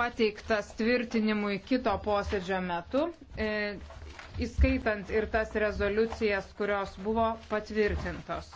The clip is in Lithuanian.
pateiktas tvirtinimui kito posėdžio metu, e, įskaitant ir tas rezoliucijas, kurios buvo patvirtintos.